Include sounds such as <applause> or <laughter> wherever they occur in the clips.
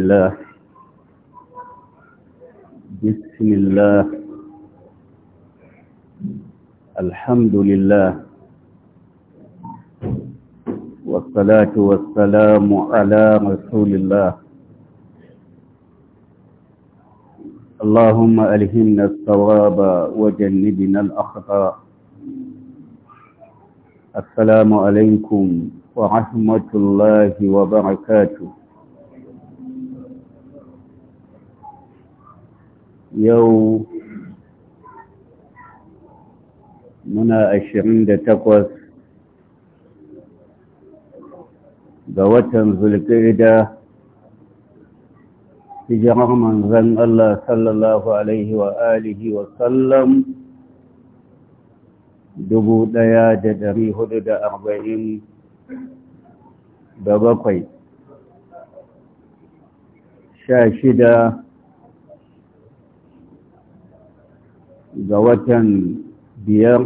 الله بسم الله الحمد لله والصلاة والسلام على رسول الله اللهم ألهمنا الصواب وجنبنا الأخطاء السلام عليكم ورحمة الله وبركاته yau muna ashirin da takwas ga watan zulkirda hijirar manzan Allah sallallahu Alaihi wa alihi wa sallam dubu ɗaya da dari hudu da arba'in da bakwai sha shida ga watan biyar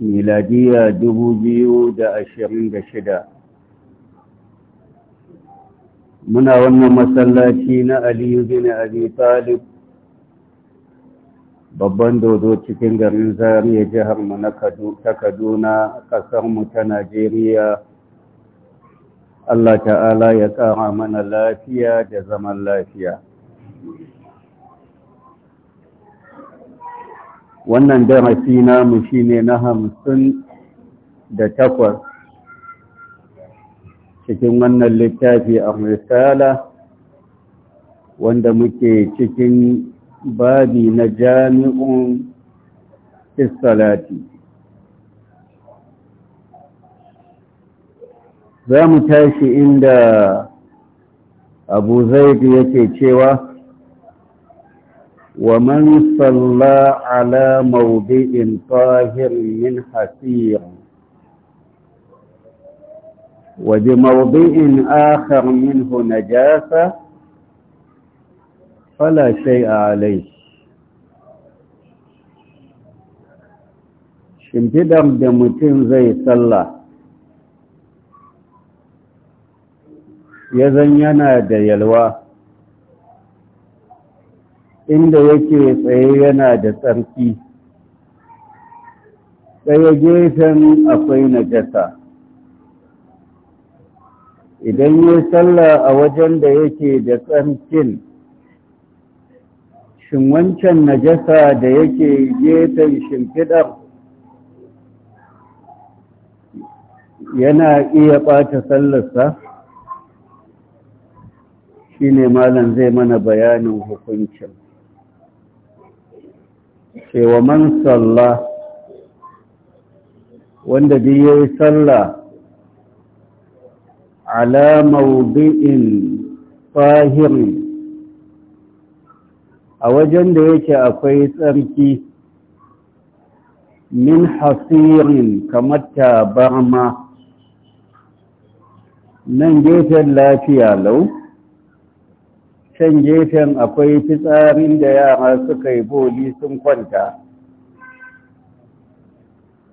miladiya dubu biyu da ashirin da shida muna wannan masallaci na aliyu bin abi talib babban dodo cikin garin zariya jihar mu na kaduna kasar mu ta najeriya Allah ta'ala ya ƙara mana lafiya da zaman lafiya. wannan darasi namu shine na hamsin da takwas cikin wannan littafi a misala wanda muke cikin babi na jami'un istalati za mu tashi inda abu zai yake cewa ومن صلى على موضع طاهر من حسير وبموضع آخر منه نجاسة فلا شيء عليه shimfidar da زي صلى يزن ينادي الواه inda yake tsaye yana da tsarki tsaye gefen akwai najasa idan yi sallah a wajen da yake da tsarkin shin wancan najasa da yake gefen shimfiɗar yana iya ɓata sallarsa shi ne malam zai mana bayanin hukuncin cewa eh, man salla wanda bi ya yi salla ala maubi'in fahiri a wajen da yake akwai tsarki min hasirin kamar tabarma nan gefen lafiya lau can gefen akwai fitsarin da yara suka yi boli sun kwanta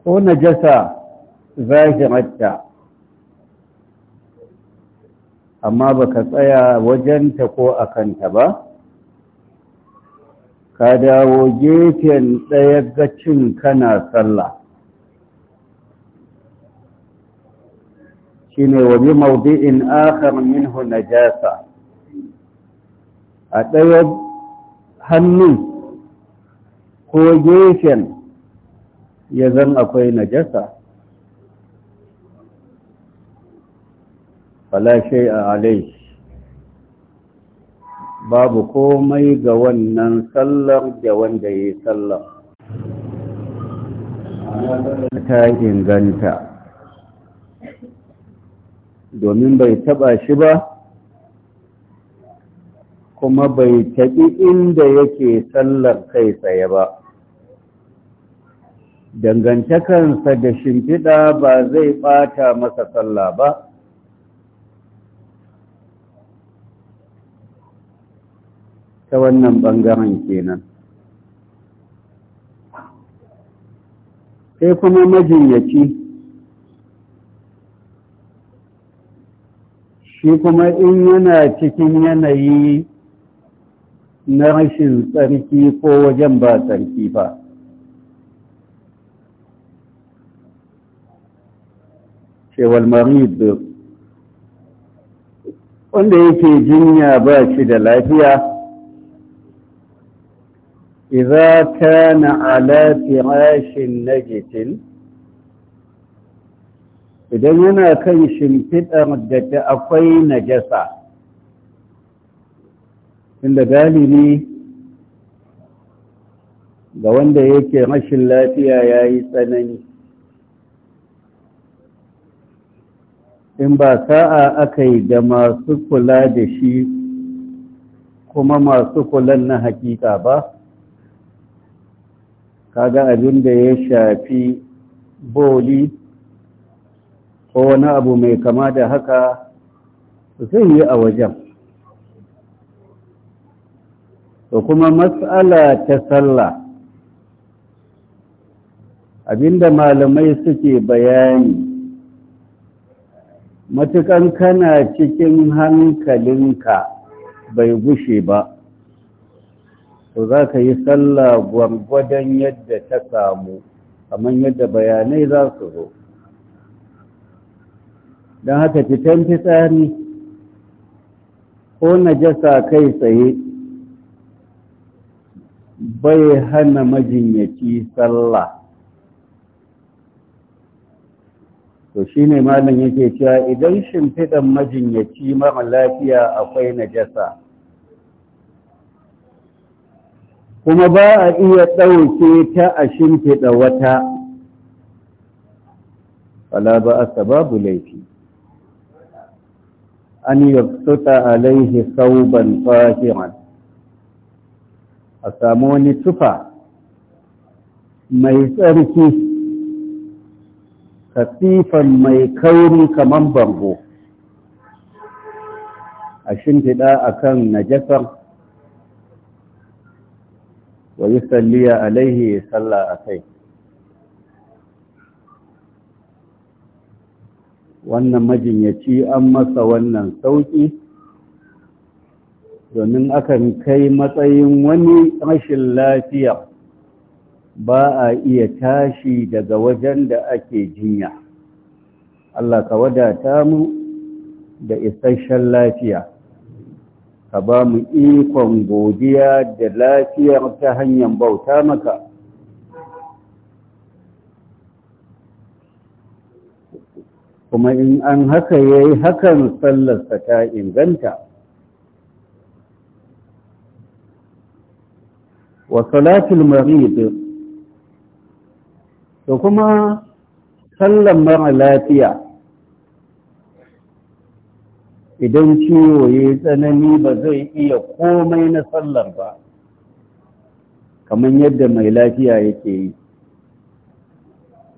ko na najasa zahirarta amma ba ka tsaya wajenta ko a kanta ba ka dawo gefen ɗaya gacin kana sallah shi ne bi mawdi'in akhar minhu najasa a ɗaya hannu ko gefen ya zan akwai najasa falashai a alai babu komai ga wannan sallar da wanda ya yi sallar ta inganta domin bai taba shi ba kuma bai taɓi inda yake sallar kai tsaye ba dangantakansa da shimfiɗa ba zai ɓata masa sallah ba ta wannan ɓangaren kenan sai kuma majinyaci shi kuma in yana cikin yanayi na rashin tsarki ko wajen ba tsarki ba cewar marid wanda yake jinya ba shi da lafiya iza kana على فراش نجت idan yana kan shimfiɗar da ta akwai najasa inda galibi ga wanda yake rashin lafiya ya yi tsanani in ba sa'a aka yi da masu kula da shi kuma masu kulan na hakika ba kaga abin da ya shafi boli ko wani abu mai kama da haka zai yi a wajen da kuma matsala ta sallah abinda malamai suke bayani matukan kana cikin hankalinka bai gushe ba to za ka yi sallah gwargwadon yadda ta samu kamar yadda bayanai za su zo don haka fitan fitsari ko najasa kai tsaye bai hana majinyaci sallah to shi ne malin yake cewa idan shimfiɗan majinyaci mara lafiya akwai najasa kuma ba a iya ɗauke ta a shimfiɗa wata wala ba a sababu laifi an yi sauta alaihi sauban fahiran a samu wani tufa mai tsarki katifan mai kauri kamar bango a shimfiɗa a kan najasar wa yi salliya alaihi salla a kai wannan majinyaci an masa wannan sauƙi domin akan kai matsayin wani rashin lafiya ba a iya tashi daga wajen da ake jinya Allah ka wadata mu da isasshen lafiya ka ba mu ikon godiya da lafiyar ta hanyar bauta maka kuma in an haka yayi hakan sallarsa ta inganta wa salatul marid to kuma sallan mara lafiya idan ciwo ya tsanani ba zai iya komai na sallar ba kamar yadda mai lafiya yake yi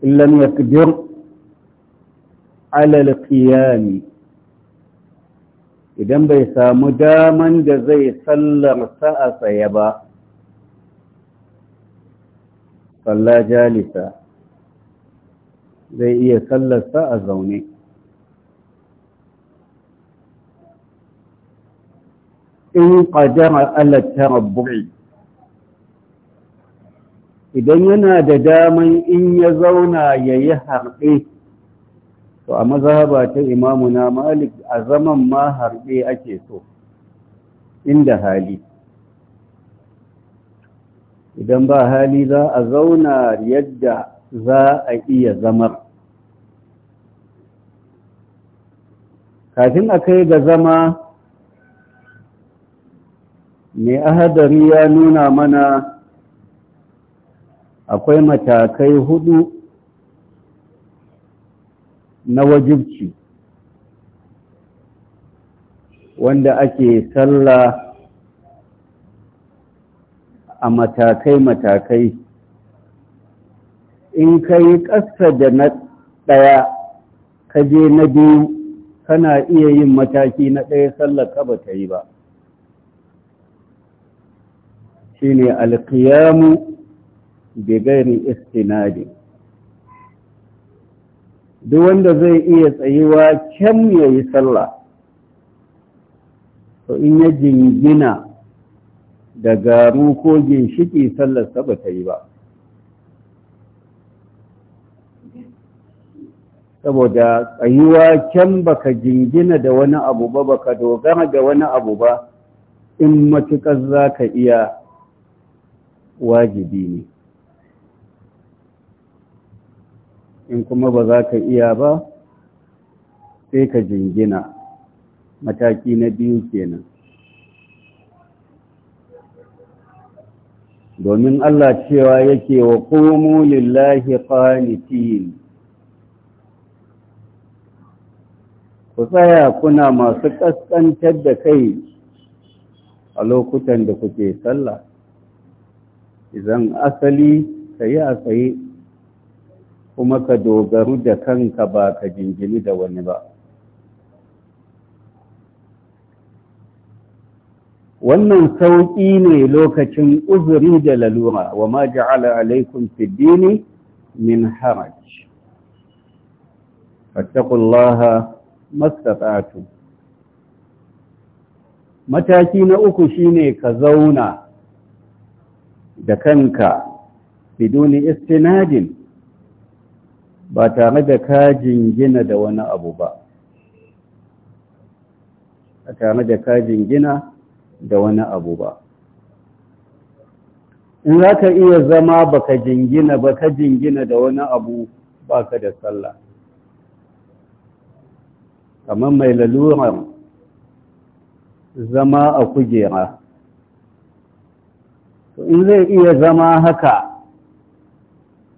illan ya kujir alal qiyami idan bai samu daman da zai sallar sa a tsaye ba salla jalisa zai iya sallarsa a zaune in ƙadara alatta rabbu'i idan yana da daman in ya zauna ya yi harɗe to a mazhaba ta imamuna malik a zaman ma harɗe ake so inda hali idan ba hali za a zauna yadda za a iya zama kafin a kai ga zama mai ahadari ya nuna mana akwai matakai hudu na wajibci wanda ake sallah a matakai-matakai in ka yi ƙasa da na ɗaya ka je na biyu kana iya yin mataki na ɗaya sallar ka ba ta yi ba shi ne alkiyamu bigairi istinadi duk wanda zai iya tsayuwa kyan ya yi sallah to in ya jingina da garu ko ginshiki sallarsa ba ta yi ba saboda tsayuwa can baka jingina da wani abu ba baka dogara da wani abu ba in matuƙar za ka iya wajibi ne in kuma ba za ka iya ba sai ka jingina mataki na biyu kenan domin Allah cewa yake wa qumu lillahi qanitin ku tsaya kuna masu kaskantar da kai a lokutan da kuke sallah idan asali ka yi a tsaye kuma ka dogaru da kanka ba ka jingini da wani ba wannan sauƙi ne lokacin uzuri da lalura wa ma ja'ala alaikum fiddini dini min haraj fattakullaha mastata'tum mataki na uku shine ka zauna da kanka biduni istinadin ba tare da ka jingina da wani abu ba a tare da ka jingina da wani abu ba in za ka iya zama baka jingina ba ka jingina da wani abu ba ka da sallah kamar mai lalurar zama a kujera to in zai iya zama haka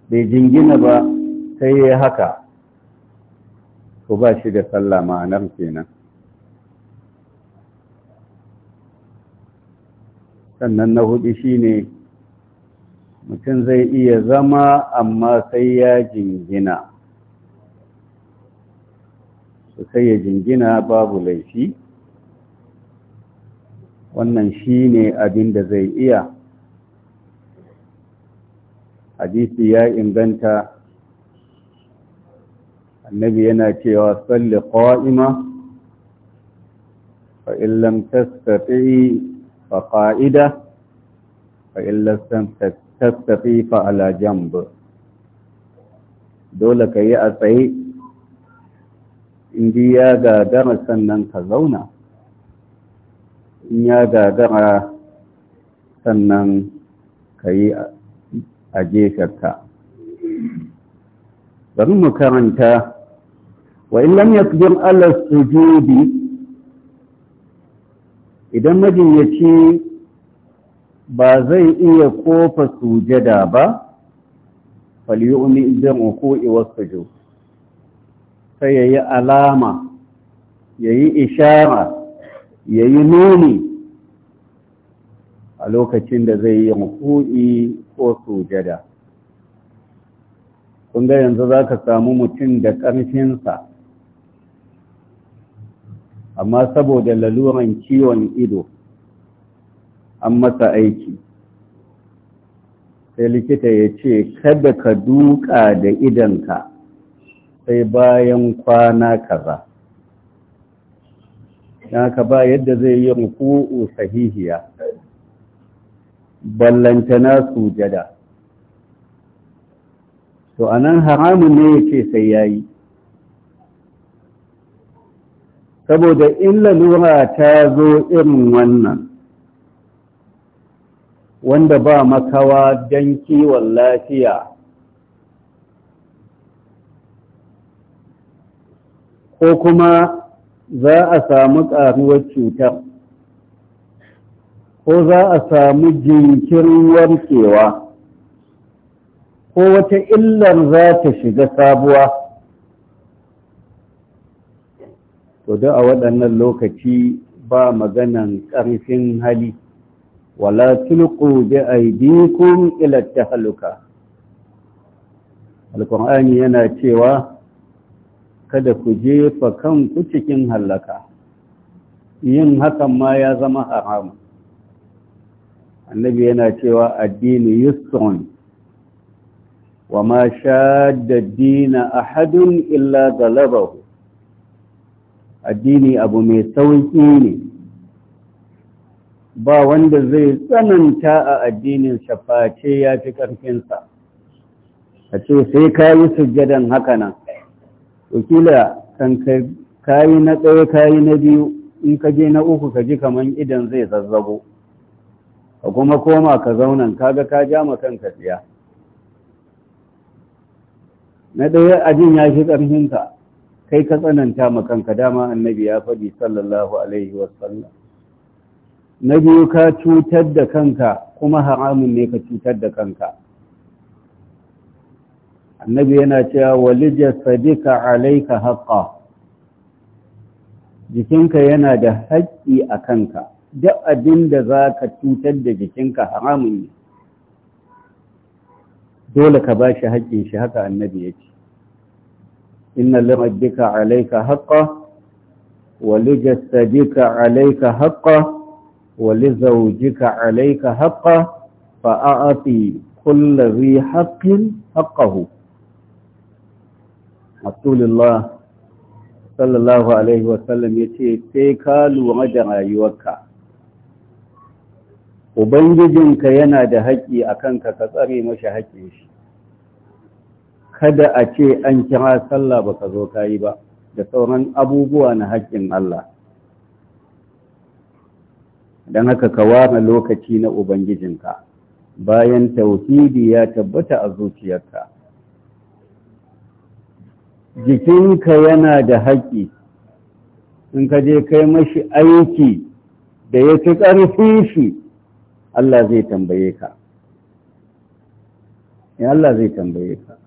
bai jingina ba sai ya haka to ba shi da sallah ma'anar kenan sannan na hudu shine mutum zai iya zama amma sai ya jingina Su sai ya jingina babu laifi wannan shine abin da zai iya hadisi ya inganta annabi yana cewa salli qa'ima fa in lam فقائدة فإن لم تستطيع فعلى جنب dole ka yi a tsaye indi ya gagara sannan ka zauna in ya gagara sannan ka yi a gefenka bari mu karanta wa ala sujudi idan majiyaci ba zai iya kofa sujada ba falyu'mi idan ruku'i wasujud sai yayi alama yayi ishara yayi nuni a lokacin da zai yi ruku'i ko sujada kun ga yanzu zaka samu mutum da ƙarfinsa amma saboda laluran kiwon ido an masa aiki sai likita ya ce kada ka duka da idanka sai bayan kwana kaza Ya ka ba yadda zai yi ruku'u sahihiya ballantana sujada to anan haramun ne yake sai yayi saboda in lalura ta zo irin wannan wanda ba makawa don kiwon lafiya ko kuma za a samu ƙaruwar cutar ko za a samu jinkirin warkewa ko wata illar za ta shiga sabuwa to da a waɗannan lokaci ba maganan ƙarfin hali wala tulku bi aydikum ila tahluka alqur'ani yana cewa kada ku jefa kanku cikin halaka yin hakan ma ya zama haram annabi yana cewa addini yusrun wa ma shadda ad-din ahadun illa galabahu addini abu mai sauƙi ne ba wanda zai tsananta a addinin shaface ya fi ƙarfinsa a ce sai ka yi sujjadan haka nan wakila kan kai na tsaye kayi na biyu in ka je na uku ka ji kamar idan zai zazzabo ka kuma koma ka zaunan kaga ka ja ma kanka tsiya na ɗaya ajin ya fi ƙarfinsa. kai ka tsananta ma kanka dama annabi ya faɗi sallallahu alaihi wasallam na biyu ka cutar da kanka kuma haramun ne ka cutar da kanka annabi yana cewa walija sadika alaika haqqa jikinka yana da haƙƙi a kanka duk abin da za ka cutar da jikinka haramun ne dole ka ba shi haƙƙin shi haka annabi ya ce إن لربك عليك حقا ولجسدك عليك حقا ولزوجك عليك حقا فأعطي كل ذي حق حقه رسول الله صلى الله عليه وسلم يتي تيكا لوغد رايوكا ubangijinka yana da haƙƙi a kanka ka tsare mashi haƙƙin shi kada a ce an kira sallah ba ka zo ka yi ba da sauran abubuwa na haƙƙin Allah don haka ka ware lokaci na Ubangijinka bayan tauhidi ya tabbata a zuciyarka jikinka yana da haƙƙi in ka je kai mashi aiki da ya fi ƙarfin shi Allah zai tambaye ka Allah zai tambaye ka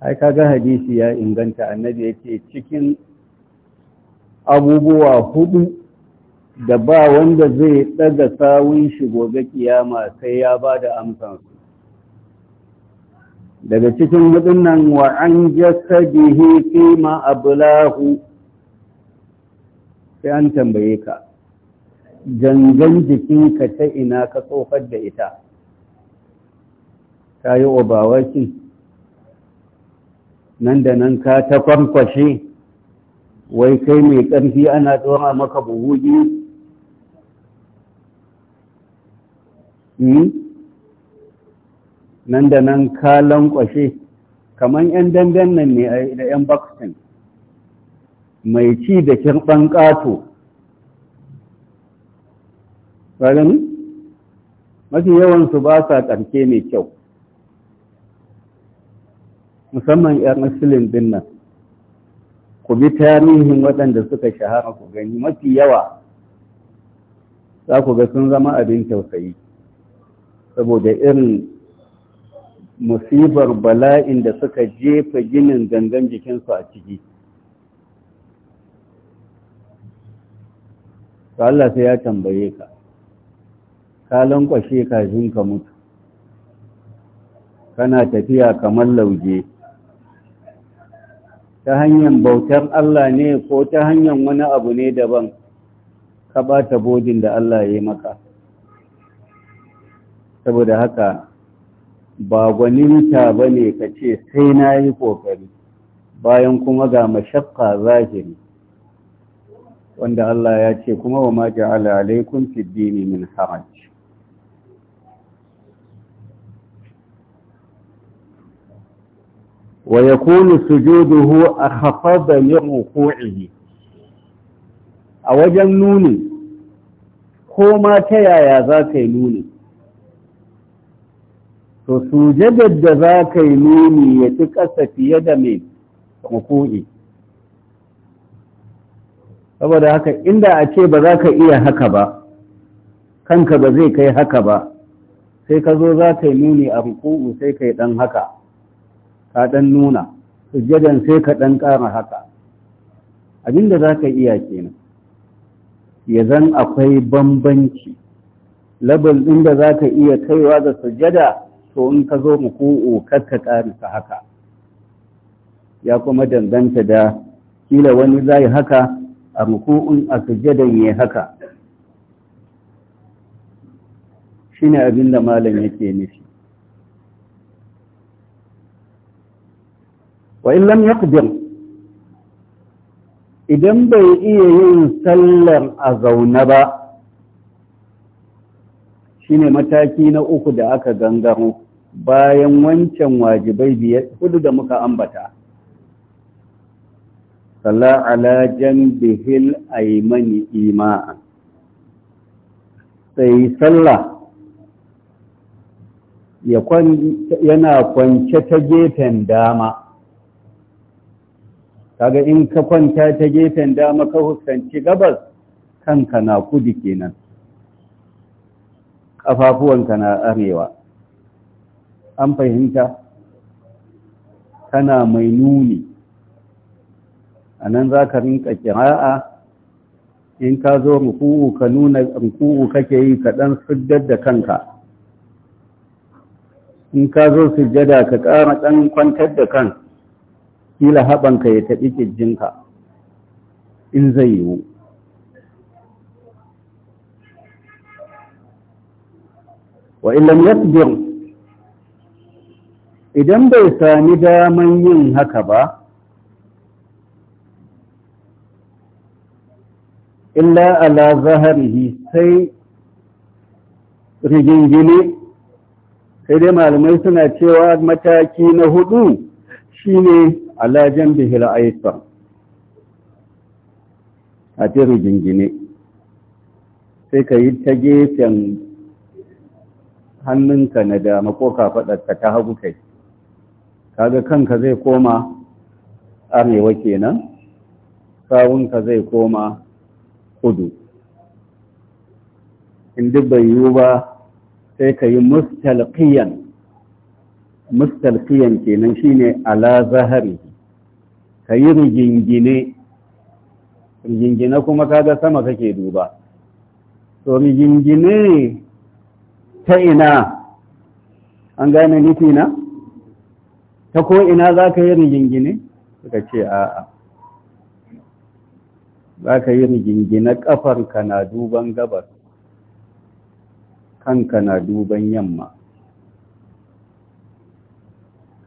ai kaga hadisi ya inganta annabi yake cikin abubuwa hudu da ba wanda zai daga sawun shi gobe kiyama sai ya ba da amsan daga cikin hudun nan wa an jasadihi fi ma ablahu sai an tambaye ka gangan jikinka ta ina ka tsofar da ita ta yi obawakin nan da nan ka ta kwamfashe wai kai mai ƙarfi ana tsora maka buhu biyu hmm? nan da nan ka lankwashe kamar 'yan dangan nan ne da 'yan boxing mai ci da kirɓan ƙato mafi yawansu ba sa ƙarfe mai kyau musamman 'yan musulun din nan ku bi tarihin waɗanda suka shahara ku gani mafi yawa za ku ga sun zama abin tausayi saboda irin musibar bala'in da suka jefa ginin gangan jikinsu a ciki Allah sai ya tambaye ka ka lankwashe kafin ka mutu kana tafiya kamar lauje ta hanyar bautar Allah ne ko ta hanyar wani abu ne daban ka ɓata bodin da Allah ya yi maka saboda haka ba gwaninta ba ne ka ce sai na yi ƙoƙari bayan kuma ga mashakka zahiri wanda Allah ya ce kuma wa maji ala alaikun min haraci wa yakunu sujuduhu akhfada li ruku'ihi a wajen nuni ko ma ta yaya za ka yi nuni to sujadar da za ka yi nuni ya ƙasa fiye da mai ruku'i saboda haka inda a ce ba za ka iya haka ba kanka ba zai kai haka ba sai ka zo za ka nuni a ruku'u sai kai ɗan haka ka ɗan nuna sujjadan sai ka ɗan ƙara haka abinda za ka iya nan ya zan akwai bambanci labal ɗin da za ka iya kaiwa ga sujjada to in ka zo ruku'u kar ka ƙarisa haka ya kuma danganta da kila wani zai haka a ruku'un a sujjadan ya haka shine abin da malam yake nufi wa in lam yaqdir idan bai iya yin sallar a zaune ba shine mataki na uku da aka gangaro bayan wancan wajibai biyar hudu da muka ambata salla ala janbihil aymani ima'a sai salla yana kwance ta gefen dama kaga in ka kwanta ta gefen dama ka huskanci gabas kanka na kudu kenan ƙafafuwanka na arewa an fahimta kana mai nuni a nan za ka rinka kira'a in ka zo ruku'u ka nuna ruku'u kake yi ka ɗan sujjar da kanka in ka zo sujjada ka ƙara ɗan kwantar da kan kila haɓanka ya taɓi ƙirjinka in zai yiwu wa illam yasbir idan bai sami daman yin haka ba illa ala zaharihi sai rigingine sai dai malamai suna cewa mataki na hudu shine ala jambihi al a tiru jingine sai ka yi ta gefen hannunka na dama ko kafaɗarka ta hagu kai kaga kanka zai koma arewa kenan sawunka zai koma kudu in duk bai yiwu ba sai ka yi mustalqiyan mustalqiyan kenan shine ala zahari ka yi rigingine rigingine kuma kaga sama kake duba to rigingine ta ina an gane nufina ta ko ina za ka yi rigingine suka ce a'a za ka yi rigingine kafarka na duban gabas kanka na duban yamma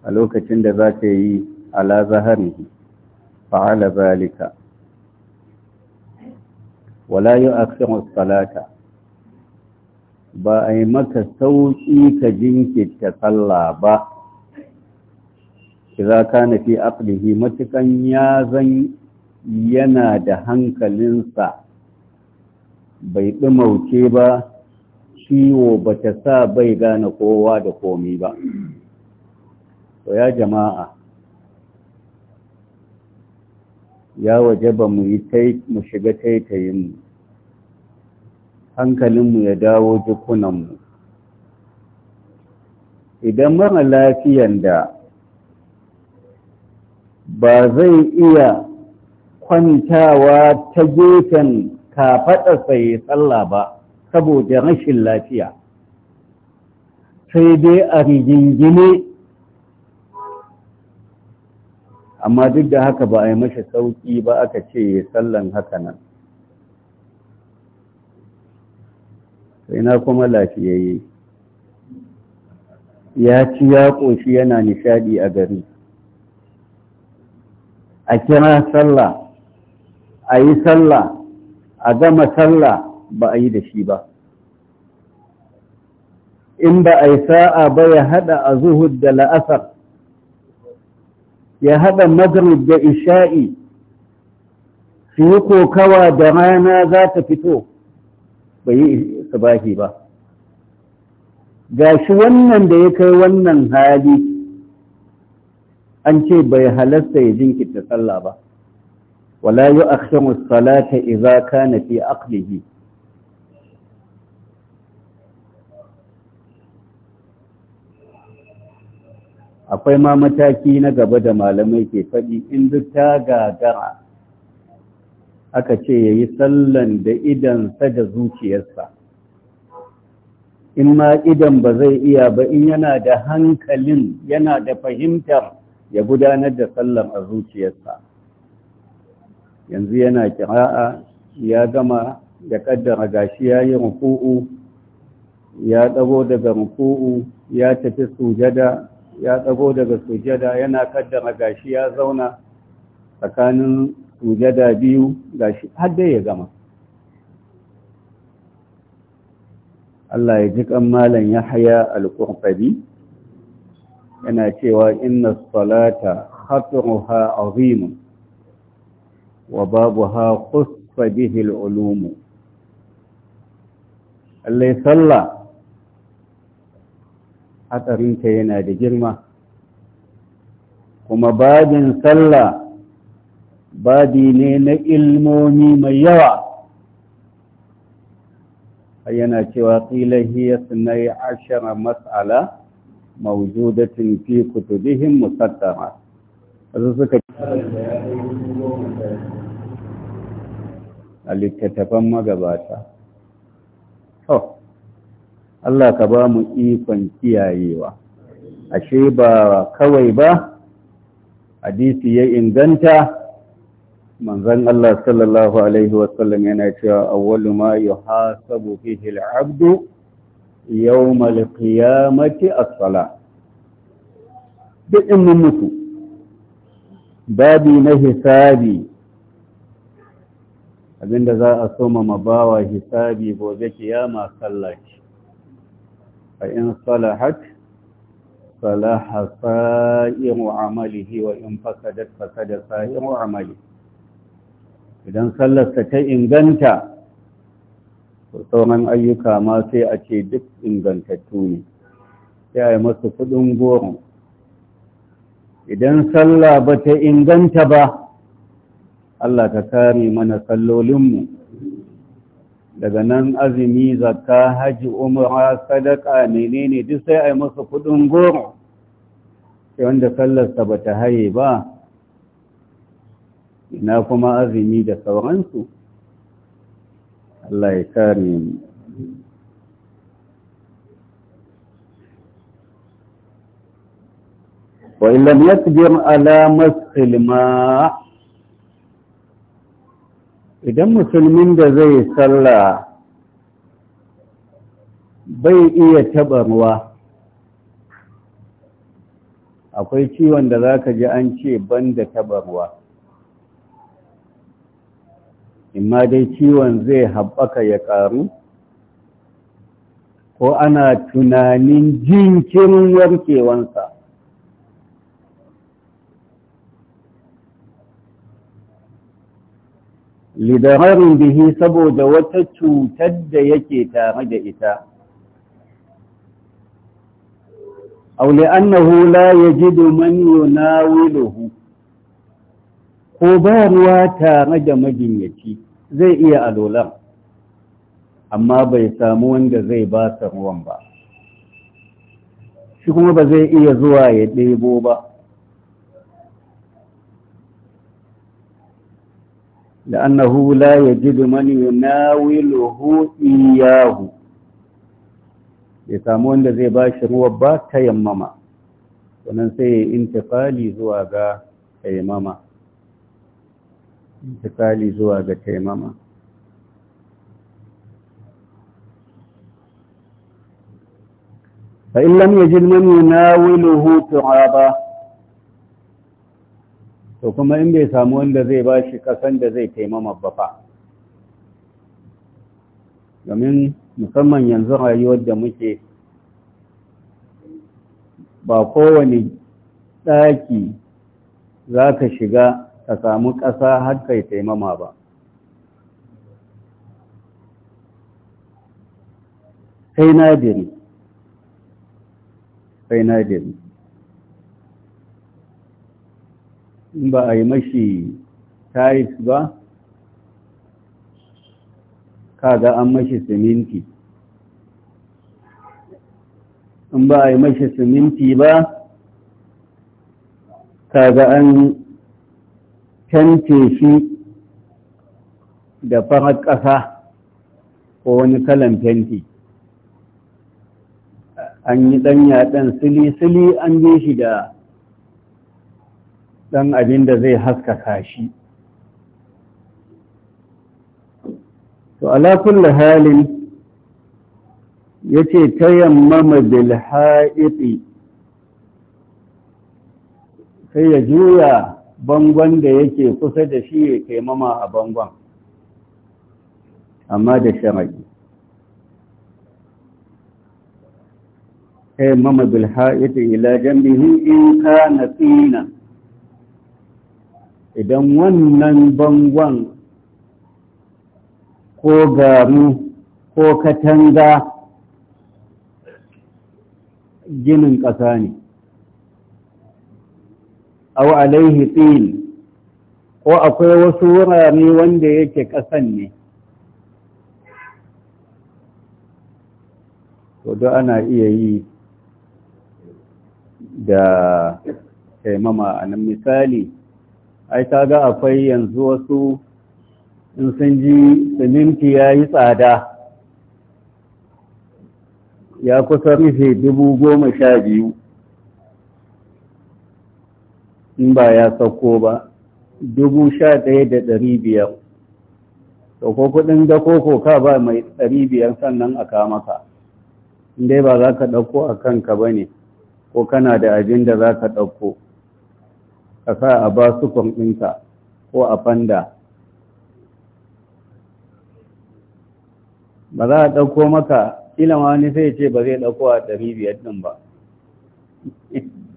a lokacin da za ka yi ala zahari فعل ذلك ولا يؤخر الصلاة ba a yi maka sauƙi ka jinkirta sallah ba kiza ka na fi aqlihi matukan ya yana da hankalinsa bai ɗumauce ba ciwo ba ta sa bai gane kowa da komi ba to jama'a ya waje ba mu yi mu shiga taitayinmu hankalinmu ya dawo mu idan mara lafiyan da ba zai iya kwantawa ta gefen kafaɗa tsaye sallah ba saboda rashin lafiya sai dai a rigingine amma duk da haka ba a yi mashi sauƙi ba aka ce ya sallan haka nan Sai na kuma lafiyayye ya ci ya ƙoshi yana nishaɗi a gari a kira sallah a yi sallah a gama sallah ba a yi da shi ba in ba a yi sa'a ba ya haɗa a zuhud da la'asar ya haɗa magrib da isha'i su yi kokawa da rana za ta fito bai yi sabahi ba Ga shi wannan da ya kai wannan hali an ce bai halasta ya jinkirta sallah ba wala yi as-salata idza kana fi aqlihi akwai ma mataki na gaba da malamai ke faɗi in duk ta gagara aka ce ya yi sallan da idansa da zuciyarsa in ma idan ba zai iya ba in yana da hankalin yana da fahimtar ya gudanar da sallan a zuciyarsa yanzu yana kira'a ya gama ya kaddara gashi ya yi ruku'u ya ɗago daga ruku'u ya tafi sujada ya tsago daga sujada yana kaddara gashi ya zauna tsakanin sujada biyu gashi har dai ya gama Allah ya ji kan malam Yahya al-Qurtubi yana cewa inna salata khatruha azim wa babuha qusfa bihi al-ulum Allah sallah hatsarinta yana da girma kuma babin sallah babi ne na ilmomi mai yawa yana cewa suna yi ashirar matsala mawujudatin fi kutubihin musattama su suka a littattafan magabata. Oh. Allah ka ba mu ikon kiyayewa ashe ba kawai ba hadisi ya inganta manzon Allah sallallahu alaihi wasallam yana cewa awwalu ma yuhasabu fihi al-'abdu yawm al-qiyamati as duk in mun mutu babi na hisabi abinda za a soma mabawa hisabi gobe kiyama sallaci فإن صلحت صلاح سائر عمله وإن فسدت فسد سائر عمله idan sallarsa ta inganta sauran ayyuka ma sai a ce duk ingantattu ne sai a yi masu kudin goron idan sallah ba ta inganta ba Allah ta kare mana sallolinmu daga nan azumi zakka haji umra sadaka menene duk sai ai masa kudin goro sai wanda sallarsa bata haye ba ina kuma azumi da sauransu Allah ya kare mu wa illam yasbir ala masl ma' idan musulmin da zai sallah bai iya taɓa ruwa akwai ciwon da za ka ji an ce ban da taɓa ruwa imma dai ciwon zai haɓaka ya ƙaru ko ana tunanin jinkirin warkewansa lidararin bihi saboda wata cutar da yake tare da ita aule annahu la domin man yunawiluhu ko ba ruwa tare da majinyaci zai iya alolan amma bai samu wanda zai ba ruwan ba shi kuma ba zai iya zuwa ya ɗebo ba لأنه لا يجد من يناوله إياه يسامون لذي باشر وبا تيمما وننسي انتقالي زواغا تيمما انتقالي زواغا تيمما فإن لم يجد من يناوله تعابا to kuma in bai samu wanda zai ba shi kasan da zai taimama ba fa domin musamman yanzu rayuwar da muke ba kowane ɗaki za ka shiga ka samu ƙasa har kai taimama ba sai nadiri sai nadiri in ba a yi mashi tais ba kaga an mashi siminti in ba a yi mashi siminti ba kaga an cante shi da farar ƙasa ko wani kalan fenti an yi ɗan yaɗan sili-sili an yi shi da ɗan abin da zai haskaka shi to ala kulli halin yace tayammama bil ha'iti sai ya juya bangon da yake kusa da shi ya taimama a bangon amma da shamaki tayammama bil ha'iti ila jambihi in kana tsinan idan wannan bangon ko garu ko katanga ginin ƙasa ne au alaihi tsil ko akwai wasu wurare wanda yake ƙasan ne to duk ana iya yi da taimama a nan misali ai kaga akwai yanzu wasu in sun ji siminti ya yi tsada ya kusa rufe dubu goma sha biyu in ba ya sauko ba dubu sha ɗaya da ɗari biyar sauko kuɗin da koko ka ba mai ɗari biyar sannan a In dai ba za ka ɗauko a kanka ba ne ko kana da abin da za ka ɗauko ka sa a ba su ɗinka ko a fanda ba za a ɗauko maka ilama ne sai ce ba zai ɗauko a ɗari biyar ɗin ba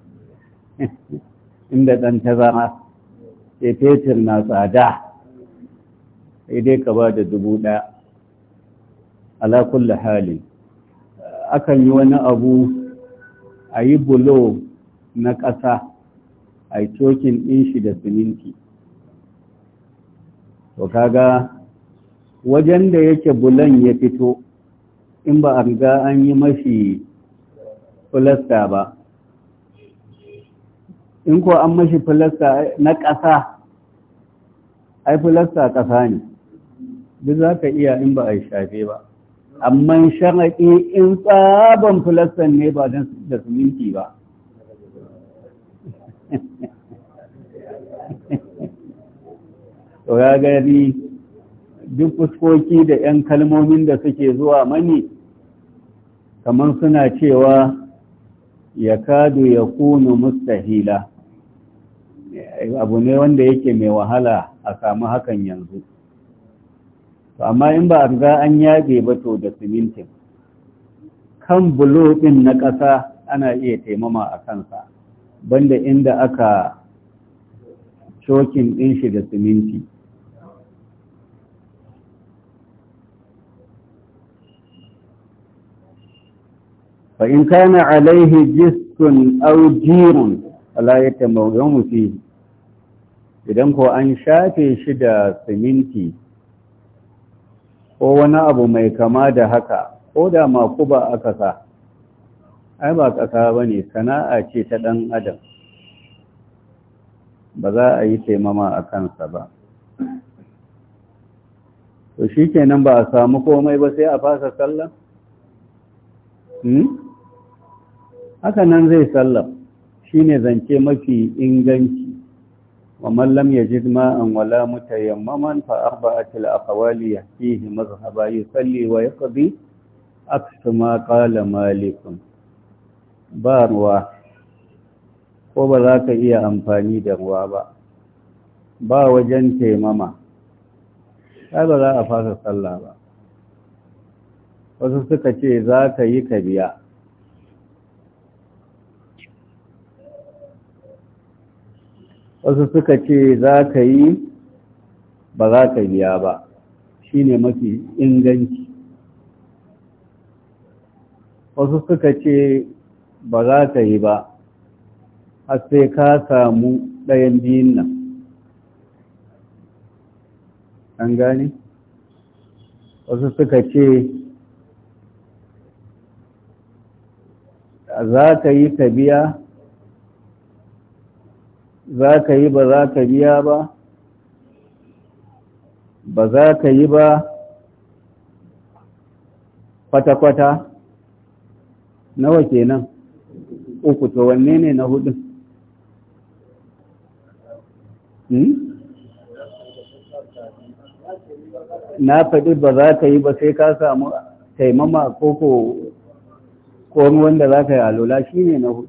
<laughs> inda ɗan ta zama sai fetur na tsada sai dai ka ba da dubu ɗaya alakulla hali akan yi wani abu a yi bulo na ƙasa a yi cokin ɗin shi da siminti to kaga wajen da yake bulan ya fito in ba a riga an yi mashi filasta ba in ko an mashi filasta na ƙasa ai filasta ƙasa ne duk za ka iya in ba a yi shafe ba amma sharaɗi in tsaban filastan ne ba da siminti ba to ya gani duk fuskoki da 'yan kalmomin da suke zuwa mani kamar suna cewa ya kadu ya kunu mustahila abu ne wanda yake mai wahala a samu hakan yanzu amma in ba a ga an yabe ba to da simintin kan bulo ɗin na ƙasa ana iya taimama a kansa banda inda aka cokin din shi da siminti fa in kana alaihi jiskun aw jirun ala yatamayyamu fi idan ko an shafe shi da siminti ko wani abu mai kama da haka ko da makuba aka sa ai ba ƙasa ba ne sana'a ce ta ɗan adam ba za a yi taimama a kansa ba to shi kenan ba a samu komai ba sai a fasa sallah? Hmm? haka nan zai sallah shi ne zance mafi inganci wa mallam ya ji ma'an wala yammaman mutayammaman ba a a kawali ya fihi mazhaba yi salli wa ya kabi a ma ƙala malikun ba ruwa ko ba za ka iya amfani da ruwa ba ba wajen taimama ai ba za a fasa sallah ba wasu suka ce za ka yi ka biya wasu suka ce za ka yi ba za ka biya ba shi ne mafi inganci wasu suka ce ba za ta yi ba har sai ka samu ɗayan biyun nan an gani wasu suka ce za ka yi ka biya za ka yi ba za ka biya ba ba za ka yi ba kwata-kwata nawa kenan uku to wanne ne na hudu hmm? na faɗi ba za ka yi ba sai ka samu taimama ko ko wanda za ka yi alola shi ne na hudu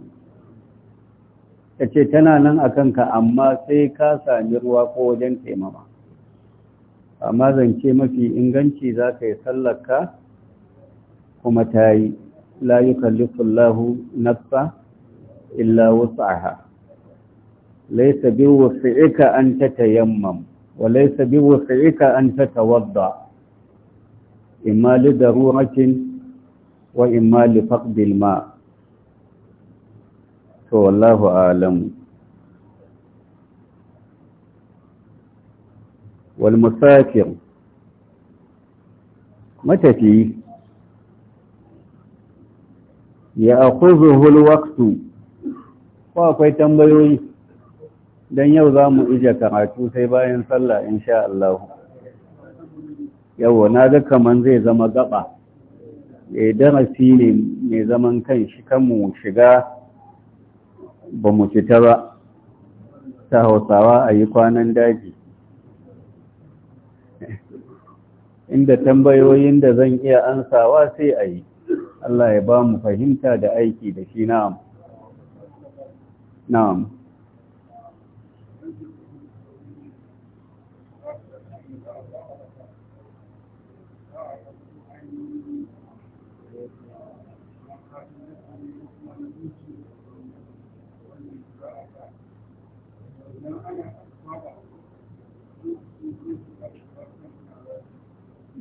ta ce tana nan a kanka amma sai ka sami ruwa ko wajen taimama amma zance mafi inganci za ka yi sallaka kuma ta yi layukan lahu nafsa إلا وسعها ليس بوسعك أن تتيمم وليس بوسعك أن تتوضع إما لضرورة وإما لفقد الماء فوالله أعلم والمسافر متى فيه يأخذه الوقت ko akwai tambayoyi don yau za mu ije karatu sai bayan sallah insha Allah yau na ga kaman zai zama gaba eh darasi ne mai zaman kan shi kan mu shiga ba mu fita ba ta hausawa a yi kwanan daji inda tambayoyin da zan iya ansawa sai a yi Allah ya ba mu fahimta da aiki da shi na'am na'am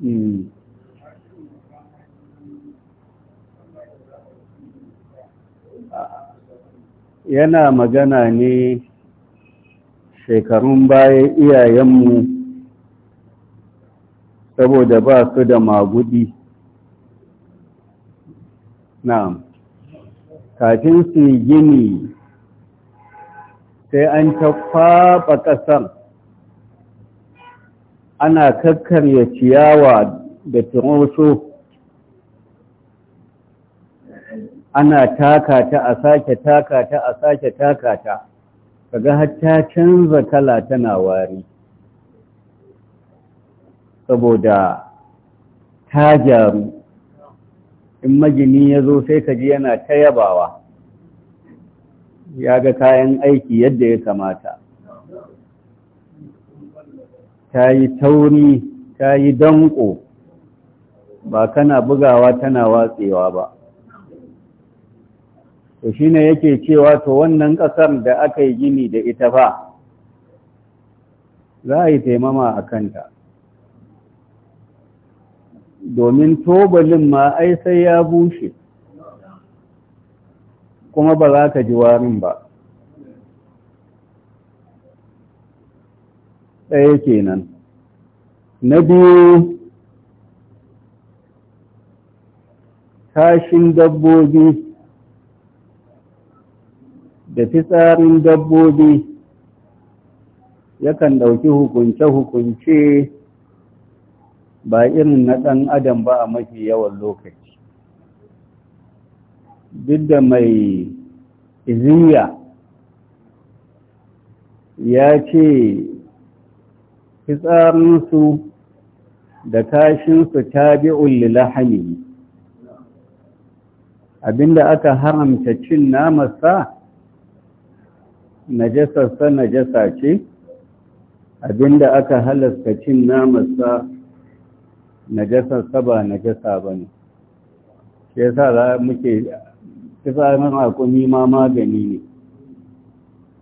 Mm. yana magana ne shekarun baya iyayenmu saboda ba su da magudi na kafin su gini sai an ta kwaɓa ƙasar ana kakkarya ciyawa da turoso ana taka ta a sake taka ta a sake taka ta kaga har ta canza kala tana wari saboda ta jaru in magini ya zo sai ka ji yana ta yabawa ya ga kayan aiki yadda ya kamata ta yi tauri ta yi danko ba kana bugawa tana watsewa ba to ne yake cewa to wannan ƙasar da aka yi gini da ita ba? za a yi taimama a kanta domin tobalin ma ai sai ya bushe kuma ba za ka ji warin ba ɗaya kenan na biyu kashin dabbobi da fitsarin dabbobi yakan ɗauki hukunce-hukunce ba irin na ɗan adam ba a mafi yawan lokaci duk da mai iziya ya ce fitsarinsu da kashinsu ta bi tabi'un lilahami abinda aka haramta cin namasa najasarsa najasa ce abinda aka halasta cin namarsa najasarsa ba najasa ba ne shi yasa za muke tsarin hakumi ma magani ne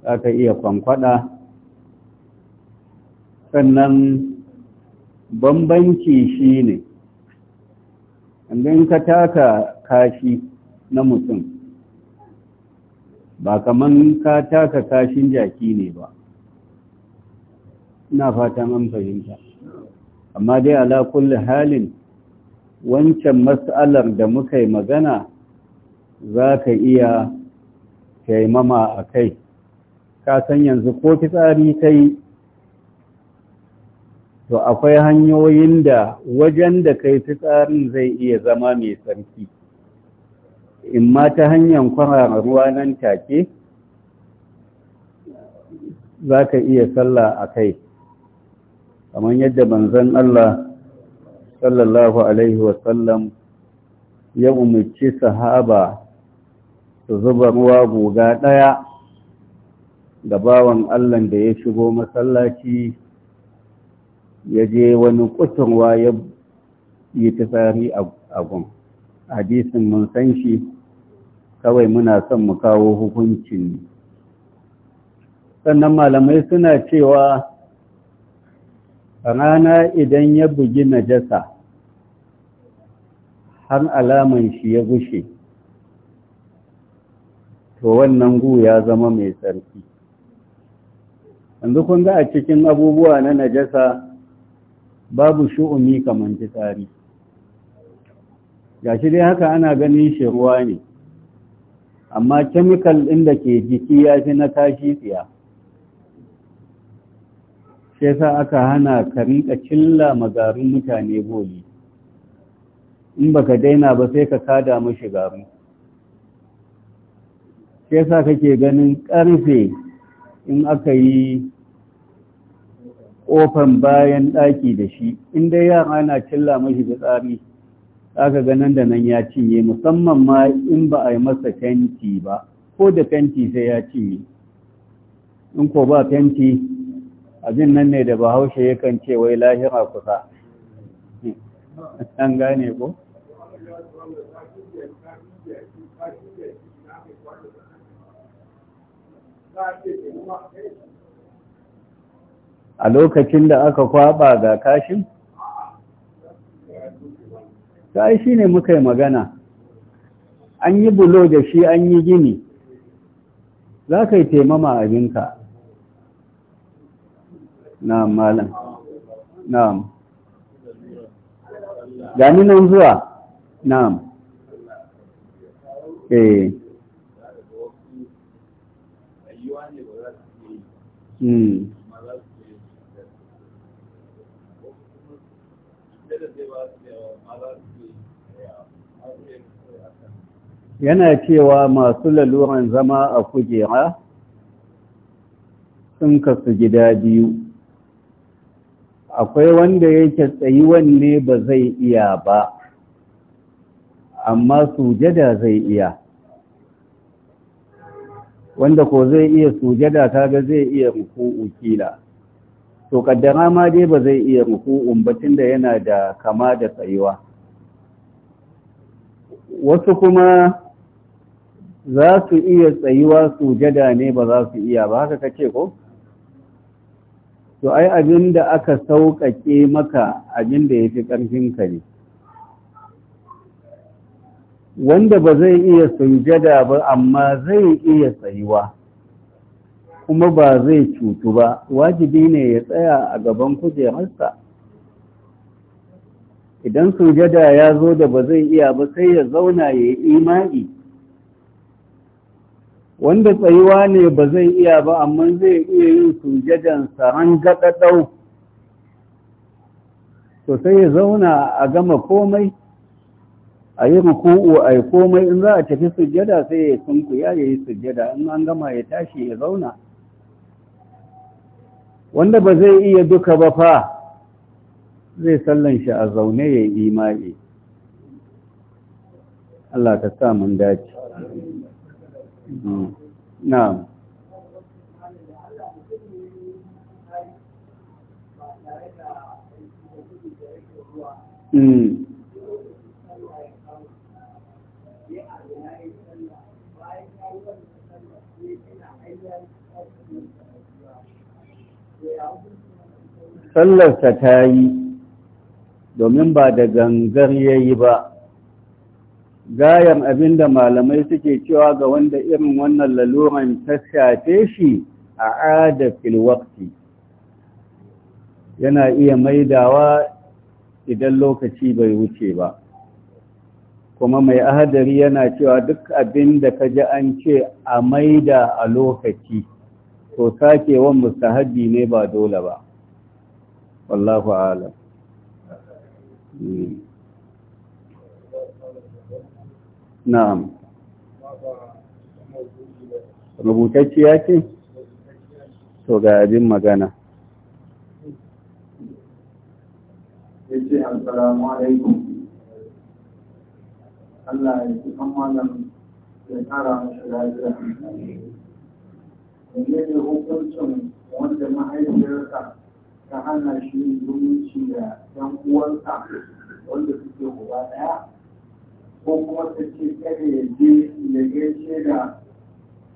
za ka iya kwankwada sannan bambanci shi ne ka taka kashi na mutum ba kaman ka taka kashin jaki ne ba ina fata man fahimta amma dai ala kulli halin wancan mas'alar da muka yi magana za ka iya taimama a kai ka san yanzu ko fitsari kai to akwai hanyoyin da wajen da kai fitsarin zai iya zama mai tsarki in ma ta hanyar kwarara ruwa nan take za ka iya sallah a kai kamar yadda banzan Allah sallallahu Alaihi wasallam ya umarci sahaba su zuba ruwa guga ɗaya da bawan Allahn da ya shigo masallaci ya je wani kusurwa ya yi tafari a gun. hadisin mun san shi kawai muna son mu kawo hukuncin sannan malamai suna cewa rana idan ya bugi najasa har alaman shi ya gushe to wannan gu ya zama mai tsarki yanzu kun ga a cikin abubuwa na najasa babu shu'umi kamar tsari. ga shi dai haka ana ganin shi ruwa ne amma kemikal ɗin da ke jiki ya fi na tashi tsiya shi sa aka hana ka rinka cilla magarin mutane boli in baka daina ba sai ka kada mashi garu shi sa kake ganin karfe in aka yi ƙofan bayan ɗaki da shi inda yara ana cilla mashi da tsari aka ga nan da nan ya cinye musamman ma in ba a yi masa fenti ba ko da fenti sai ya cinye in ko ba fenti abin nan ne da bahaushe yakan ce wai lahira kusa an gane ko a lokacin da aka kwaba ga kashin ta shi ne muka yi magana an yi bulo da shi an yi gini za ka yi taimama abinka Na malam na'am gani nan zuwa na'am eh Mm. yana cewa masu laluran zama a kujera sun kasu gida biyu akwai wanda yake tsayuwan ne ba zai iya ba amma sujada zai iya wanda ko zai iya sujada kaga zai iya ruku'u ukila to kaddara ma dai ba zai iya ruku'un umbatin da yana da kama da tsayuwa wasu kuma za su iya tsayuwa sujada ne ba za su iya ba haka kace ko to ai abin da aka sauƙaƙe maka abin da ya fi ƙarfinka ne wanda ba zai iya sujada ba amma zai iya tsayuwa kuma ba zai cutu ba wajibi ne ya tsaya a gaban kujerarsa idan sujada ya zo da ba zai iya ba sai ya zauna ya yi imani wanda tsayuwa ne ba zai iya ba amma zai iya yin sujadan saran gaɗaɗau to sai ya zauna a gama komai a yi ruku'u a yi komai in za a tafi sujjada sai ya sunkuya ya yi sujjada in an gama ya tashi ya zauna wanda ba zai iya duka ba fa zai sallan shi a zaune ya yi imai Allah ka sa mun dace sallarsa ta yi domin ba da gangar ya yi ba gayan abin da malamai suke cewa ga wanda irin wannan laluran ta shafe shi a adafin wakti yana iya maidawa idan lokaci bai wuce ba kuma mai ahadari yana cewa duk abin da ka ji an ce a maida a lokaci to sake sakewan mustahabi ne ba dole ba wallahu alam hmm. na'am ya ce to ga abin magana yace assalamu alaikum Allah ya ji malam ya kara masa lafiya menene hukuncin wanda mahaifiyarsa ta hana shi zumunci da yan uwansa wanda suke gaba ɗaya? ko kuma ta ce kada ya je ya gaishe da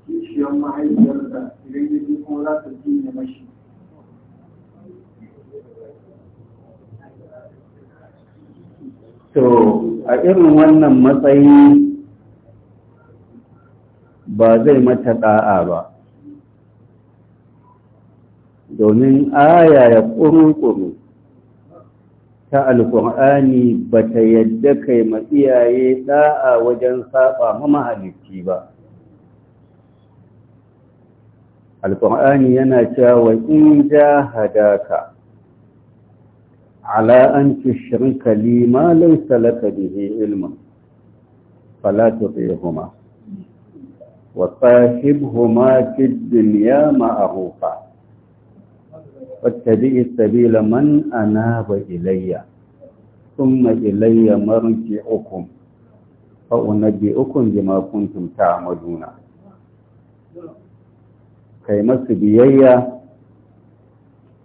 kishiyar mahaifiyarsa idan ya kuma za ta jinya mashi to a irin wannan matsayi ba zai mata ɗa'a ba domin aya ya ƙuru-ƙuru ta alƙur'ani ba ta yadda kai ma iyaye ɗa'a wajen saba ma mahalicci ba alƙur'ani yana cewa in ja hadaka ala an tushrika li ma laysa laka bihi ilmun fala tuṭihuma wa sahibhuma fid dunya ma'arufa. wattabi'i sabila man anaba ilayya thumma ilayya marji'ukum fa unabbi'ukum bima kuntum ta'maluna kai masu biyayya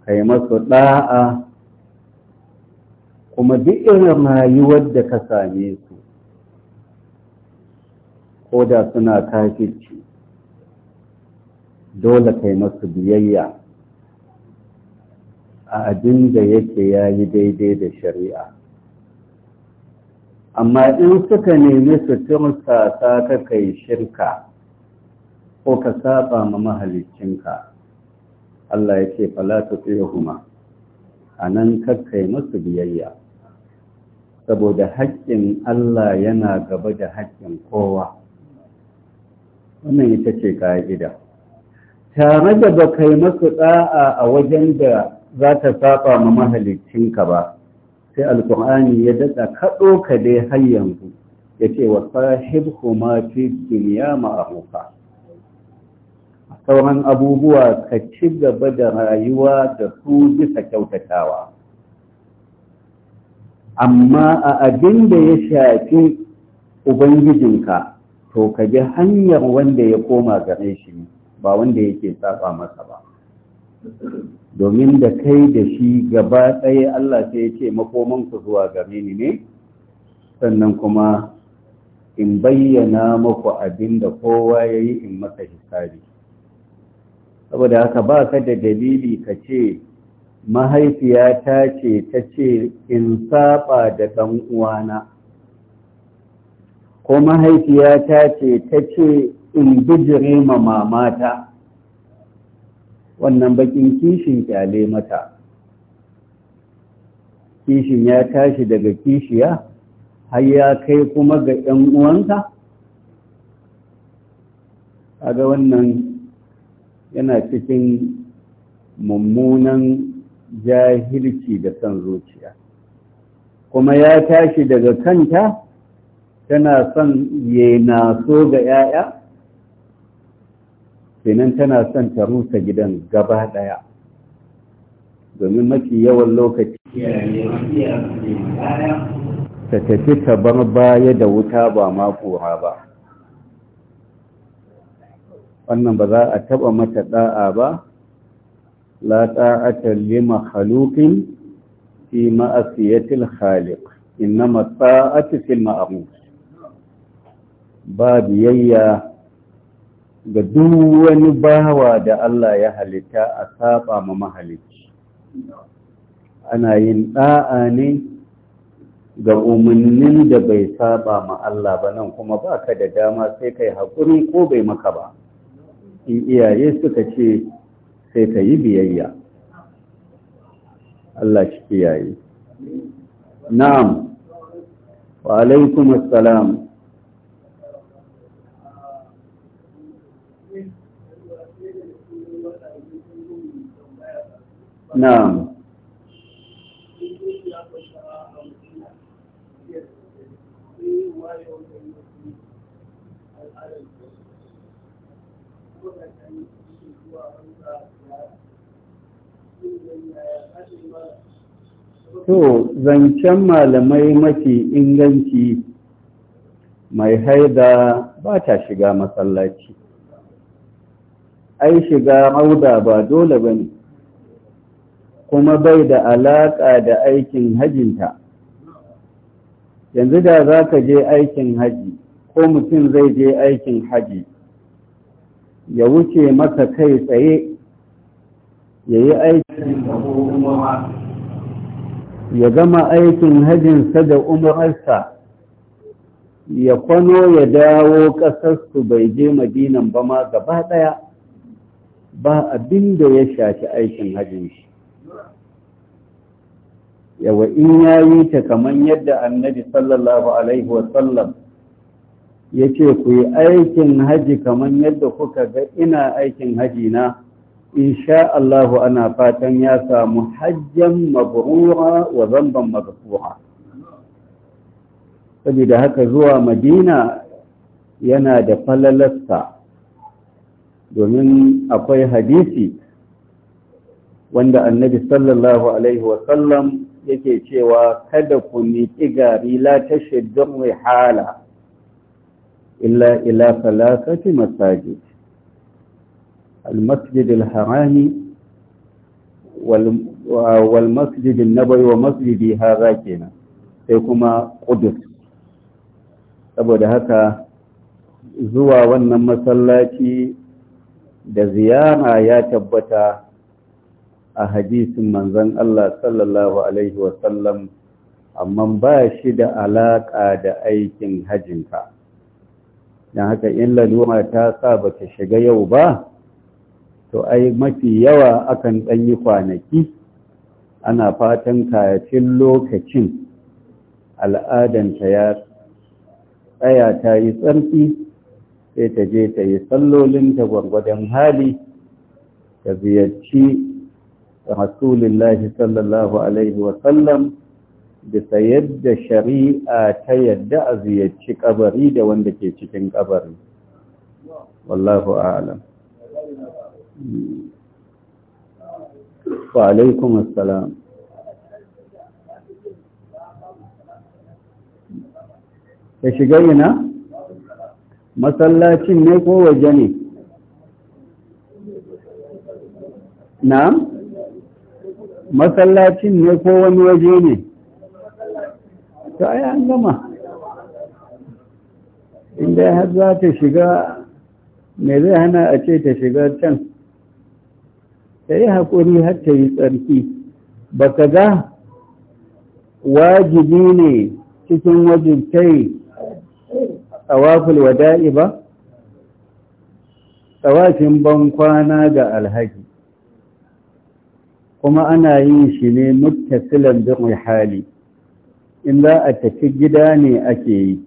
kai masu da'a kuma duk irin rayuwar da ka same su ko da suna kafirci dole kai masu biyayya a abin da yake ya yi daidai da shari'a amma in suka nemi su ta ka kai shirka ko ka saba ma mahalicinka Allah ya ce falata kuma. a nan kakai masu biyayya saboda haƙƙin Allah yana gaba da haƙƙin kowa wannan ita ce ka'ida tare da ba kai masu ɗa'a a wajen da za ta saba ma mahalicinka ba sai alkur'ani ya daɗa kaɗo ka dai har yanzu ya ce wa sahib kuma fi duniya ma'arufa sauran abubuwa ka ci gaba da rayuwa da su bisa kyautatawa amma a abin da ya shafi ubangijinka to ka bi hanyar wanda ya koma gare shi ba wanda yake saba masa ba domin da kai da shi gaba ɗaya Allah sai ya ce makomanku zuwa game ni ne sannan kuma in bayyana maku abin da kowa ya yi in maka hisabi saboda haka ba ka da dalili ka ce mahaifiyata ce ta ce in saba da ɗan uwana ko mahaifiyata ce ta ce in bijire ma mamata wannan bakin kishin kyale mata kishin ya tashi daga kishiya har ya kai kuma ga 'yan uwanka kaga wannan yana cikin mummunan jahilci da san zuciya kuma ya tashi daga kanta tana son yana so ga 'ya'ya kenan tana son ta rusa gidan gaba daya domin mafi yawan lokaci ta tafi ta bar baya da wuta ba ma kura ba wannan ba za a taba mata da'a ba la ta'ata li makhluqin fi ma'asiyati al-khaliq innama ta'atu fil ma'ruf ba biyayya ga duk wani bawa da Allah ya halitta a saba ma mahalicci ana yin da'a ne ga umarnin da bai saba ma Allah ba nan kuma baka da dama sai kai haƙuri ko bai maka ba in iyaye suka ce sai ka yi biyayya Allah shi kiyaye na'am wa alaikum salam. na'am To, zancen malamai mafi inganci mai haida ba ta shiga masallaci. Ai, shiga mauda ba dole ba ne. kuma bai da alaƙa da aikin hajinta yanzu da za ka je aikin haji ko mutum zai je aikin haji ya wuce maka kai tsaye ya yi aikin ya gama aikin hajinsa da umararsa ya kwano ya dawo ƙasarsu bai je madinan ba ma gaba ɗaya ba abin da ya shafi aikin hajin yawa in ya yi ta kamar yadda annabi sallallahu alaihi wasallam ya ce ku yi aikin haji kamar yadda kuka ga ina aikin haji na insha Allahu ana fatan ya samu hajjan mabrura wa zamban maghfura saboda haka zuwa madina yana da falalasta, domin akwai hadisi wanda annabi sallallahu alaihi wasallam yake cewa kada ku miƙi gari la ta shaddun rihala illa ila salasati masajid المسجد الحرامي والمسجد wa ومسجد هذا kina sai kuma ƙudur. saboda haka zuwa wannan masallaci da ziyara ya tabbata a hadisin manzon Allah sallallahu alaihi wasallam amma ba shi da alaƙa da aikin hajjinka don haka in lalura ta sa ba ta shiga yau ba to ai mafi yawa akan ɗanyi kwanaki ana fatan kayacin lokacin ta ya tsaya ta yi tsarki sai ta je ta yi sallolin ta gwargwadon hali ta ziyarci رسول الله صلى الله عليه وسلم bisa yadda shari'a ta yadda a ziyarci kabari da wanda ke cikin kabari wallahu a'lam wa alaikum assalam ta shiga yana masallacin ne ko waje ne na'am masallacin ne ko wani waje ne ta ai an gama inda har za ta shiga me zai hana a ce ta shiga can ta yi haƙuri har ta yi tsarki ba ka ga wajibi ne cikin wajibtai a wafil wada'i ba tsawafin ban kwana ga alhaji kuma ana yin shi ne muttasilan bi hali in za a tafi gida ne ake yi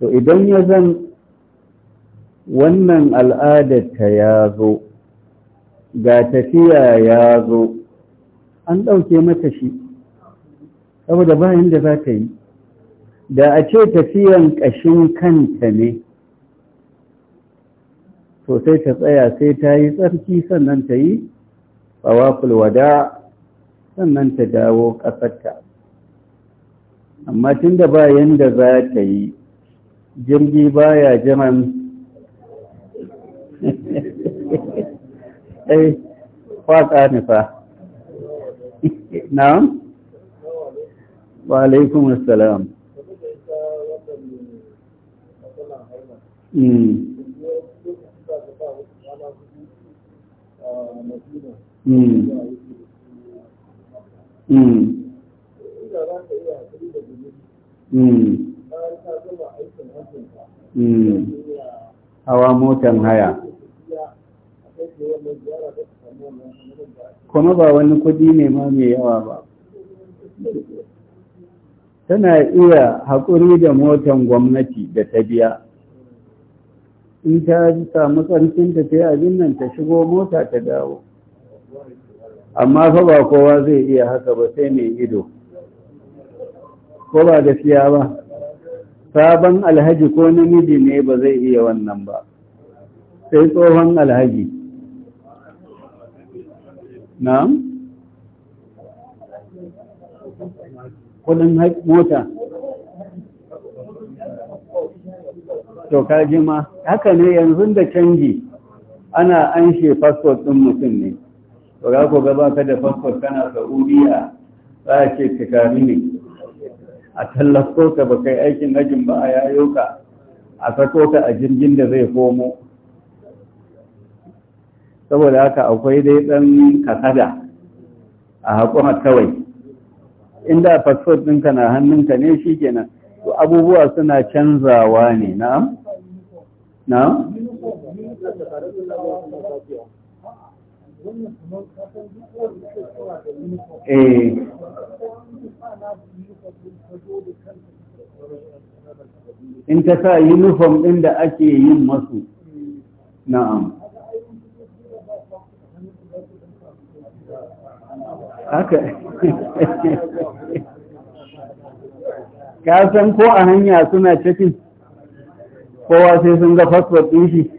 to idan ya zan wannan al'adarta ya zo ga tafiya ya zo an ɗauke mata shi saboda bayan da za ta yi da a ce tafiyan ƙashin kanta ne to sai ta tsaya sai ta yi tsarki sannan ta yi tsawaful wada sannan ta dawo ƙasarta amma tun da bayan da za ta yi jirgi baya jiran ɗai <laughs> kwatsa nufa na'am wa alaikum Mm. hawa motan haya kuma ba wani kudi ne ma mai yawa ba tana iya haƙuri da motan gwamnati da ta biya in ta samu ƙarfin ta ta yi abin nan ta shigo mota ta dawo amma fa ba kowa zai iya haka ba sai mai ido ko ba gaskiya ba sabon alhaji ko namiji ne ba zai iya wannan ba sai tsohon alhaji na'am kudin mota to kaji ma haka ne yanzu da canji ana an she fasfot ɗin mutum ne ba za ku gaba ka da famfon kana sa'udiya za a ce ka kari ne a tallafo ka ba kai aikin hajjin ba a yayo ka a sako ka a jirgin da zai komo saboda haka akwai dai ɗan kasada a haƙon kawai inda fasfot ɗinka na hannunka ne shi kenan to abubuwa suna canzawa ne na'am na'am Eh. in ta sa uniform ɗin da ake yin masu eh. na'am haka ka san ko a hanya suna cikin kowa sai sun ga fasfot ɗin shi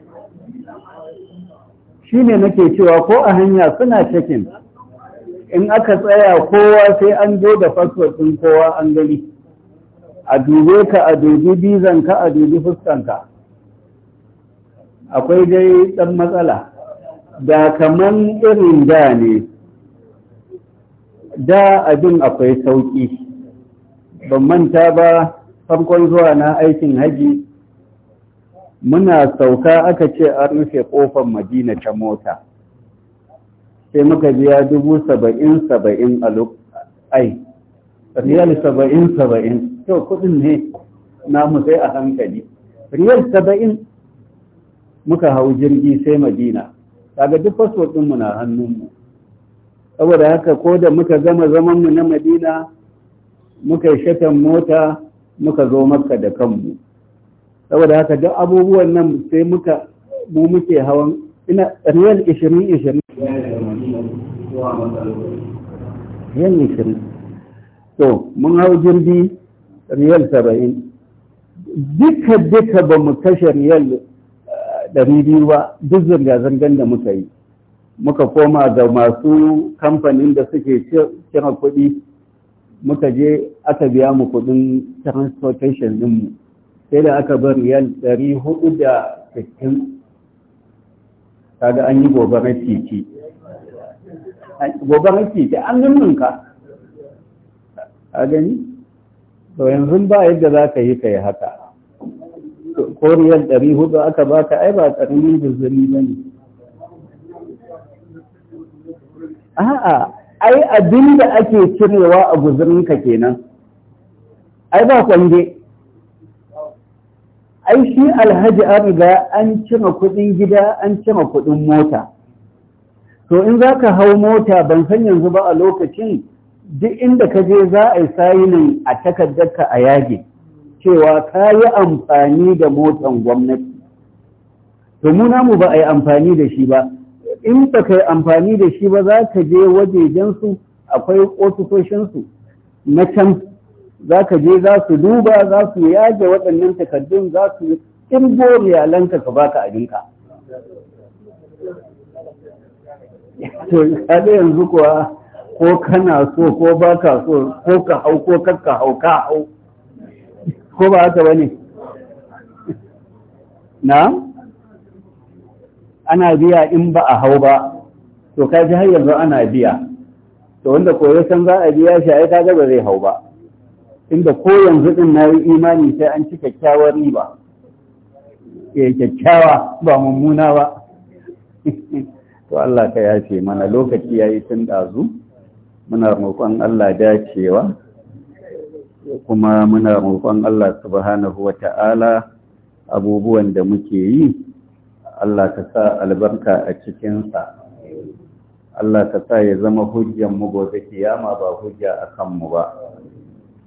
shi ne nake cewa ko a hanya suna cikin in aka tsaya kowa sai an zo da fasfotin kowa an gani a dube ka a dubi bizanka a dubi fuskanka akwai dai ɗan matsala da kaman irin da ne da abin akwai sauƙi ban manta ba farkon zuwa na aikin haji muna sauka aka ce an rufe ƙofar madina ta mota sai muka biya dubu saba'in saba'in a lokai. riyal saba'in saba'in to kudin ne namu sai a hankali riyal saba'in muka hau jirgi sai madina daga duk fasfot ɗinmu na hannunmu saboda haka ko da muka zama zamanmu na madina muka yi shatan mota muka zo makka da kanmu saboda haka duk abubuwan nan sai muka mu muke hawan ina riyal 20 20 riyal 20 to mun hau jirgi riyal 70 duka duka ba mu kashe riyal eh, biyu ba duk zirga-zirgar da muka yi muka koma ga masu kamfanin da suke cire kuɗi muka je aka biya mu kuɗin transportation ɗinmu sai da aka bar riyal 460 kaga an yi gobarar titi gobarar titi an nunnunka a gani to yanzu ba yadda za ka yi ka yi haka ko riyal 400 aka baka ai ba karamin guzuri ba ne a'a ai abin da ake cirewa a guzurinka kenan ai ba kwange. ai shi alhaji an riga an cima kuɗin gida an cima kuɗin mota to in za ka hau mota ban san yanzu ba a lokacin duk inda ka je za a yi sayinin a ka a yage cewa ka yi amfani da motan gwamnati to mu namu ba a yi amfani da shi ba in ba ka yi amfani da shi ba za ka je wajejensu akwai ofisoshinsu na can za ka je za su duba za su yage waɗannan takardun za su in riyalanka ka baka abinka to kada yanzu kuwa ko kana so ko baka so ko ka hau ko ka hau ka hau ko ba haka bane na ana biya in ba a hau ba to ji har yanzu ana biya to wanda koyo san za a biya shi ai kaga ba zai hau ba inda ko yanzu din na yi imani sai an ci kyakkyawar riba ke eh, kyakkyawa ba mummuna ba <laughs> to Allah ka yafe mana lokaci yayi tun dazu muna roƙon Allah dacewa kuma muna roƙon Allah subhanahu wata'ala abubuwan da muke yi Allah ka sa albarka a cikinsa Allah ka sa ya zama hujjan mu gobe kiyama ba hujja a kanmu ba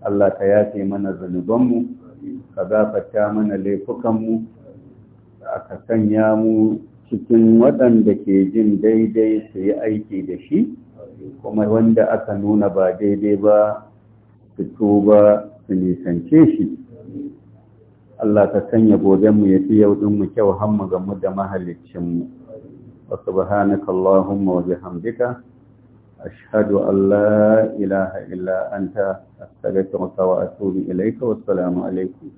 Allah ka yafe mana zunubanmu ka gafata mana laifukanmu ka sanya mu cikin waɗanda ke jin daidai su yi aiki da shi kuma wanda aka nuna ba daidai ba su tuba su nisance shi Allah ka sanya gobenmu ya fi yau kyau hamma gamu da mahalicinmu wa kallon Allahumma wa bihamdika أشهد أن لا إله إلا أنت أستغفرك وأتوب إليك والسلام عليكم